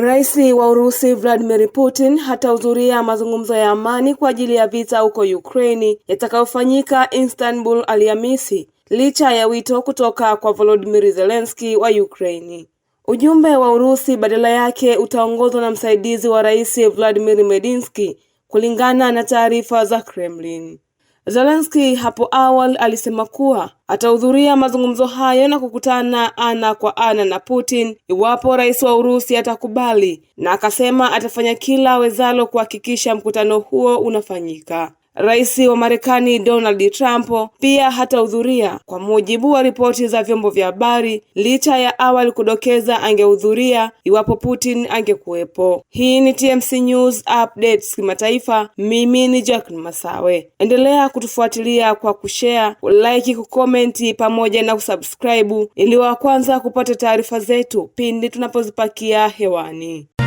Rais wa Urusi Vladimir Putin hatahudhuria mazungumzo ya amani kwa ajili ya vita huko Ukraini yatakayofanyika Istanbul Alhamisi licha ya wito kutoka kwa Volodymyr Zelensky wa Ukraini. Ujumbe wa Urusi badala yake utaongozwa na msaidizi wa Rais Vladimir Medinsky kulingana na taarifa za Kremlin. Zelensky hapo awali alisema kuwa atahudhuria mazungumzo hayo na kukutana ana kwa ana na Putin iwapo rais wa Urusi atakubali, na akasema atafanya kila awezalo kuhakikisha mkutano huo unafanyika. Rais wa Marekani Donald Trump pia hatahudhuria kwa mujibu wa ripoti za vyombo vya habari, licha ya awali kudokeza angehudhuria iwapo Putin angekuwepo. Hii ni TMC News Updates kimataifa. Mimi ni jackn Masawe, endelea kutufuatilia kwa kushare, like, kukomenti pamoja na kusubscribe ili wa kwanza kupata taarifa zetu pindi tunapozipakia hewani.